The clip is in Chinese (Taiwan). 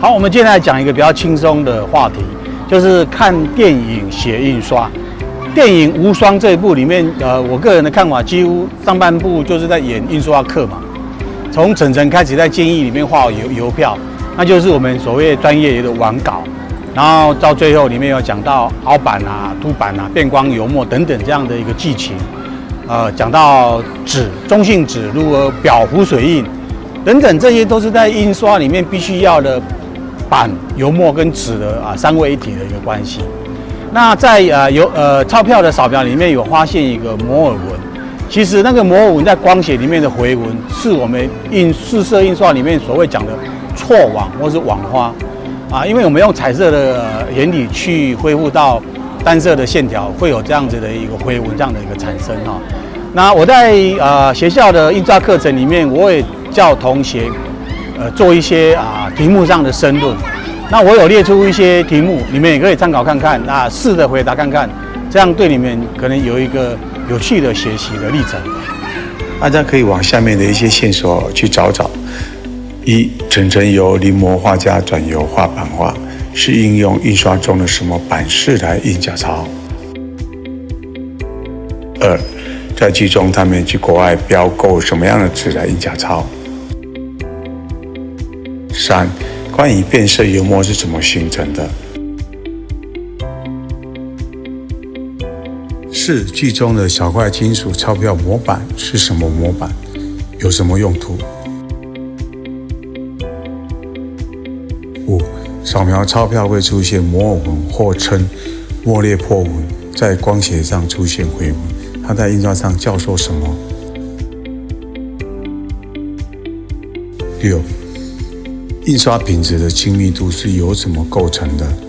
好，我們接下來講一個比較輕鬆的話題，就是看電影寫印刷。電影《無雙》這一部裡面，呃，我個人的看法，幾乎上半部就是在演印刷課嘛。從城城開始在監獄裡面畫郵郵票，那就是我們所謂專業的一個完稿。然後到最後裡面有講到凹版啊、凸版啊、變光油墨等等這樣的一個劇情。呃，講到紙、中性紙、如何裱浮水印等等，這些都是在印刷裡面必須要的。板、油墨跟紙的啊三位一體的一個關係。那在呃有呃鈔票的掃描裡面有發現一個摩爾紋，其實那個摩爾紋在光學裡面的回紋，是我們印四色印刷裡面所謂講的錯網或是網花啊，因為我們用彩色的、呃、原理去恢復到單色的線條，會有這樣子的一個回紋這樣的一個產生哈、哦。那我在呃學校的印刷課程裡面，我也叫同學。呃，做一些啊、呃、題目上的申論，那我有列出一些題目，你們也可以參考看看，那、呃、試着回答看看，這樣對你們可能有一個有趣的學習的歷程。大家可以往下面的一些線索去找找：一，城城由臨摹畫家轉由畫版畫，是應用印刷中的什麼版式來印假鈔？二，在劇中他們去國外標購什麼樣的紙來印假鈔？三、關於變色油墨是怎麼形成的？四、劇中的小塊金屬鈔票模板是什麼模板？有什麼用途？五、掃描鈔票會出現摩爾紋或稱莫列波紋，在光學上出現回紋，它在印刷上叫做什麼？六，印刷品質的精密度是由什麼構成的？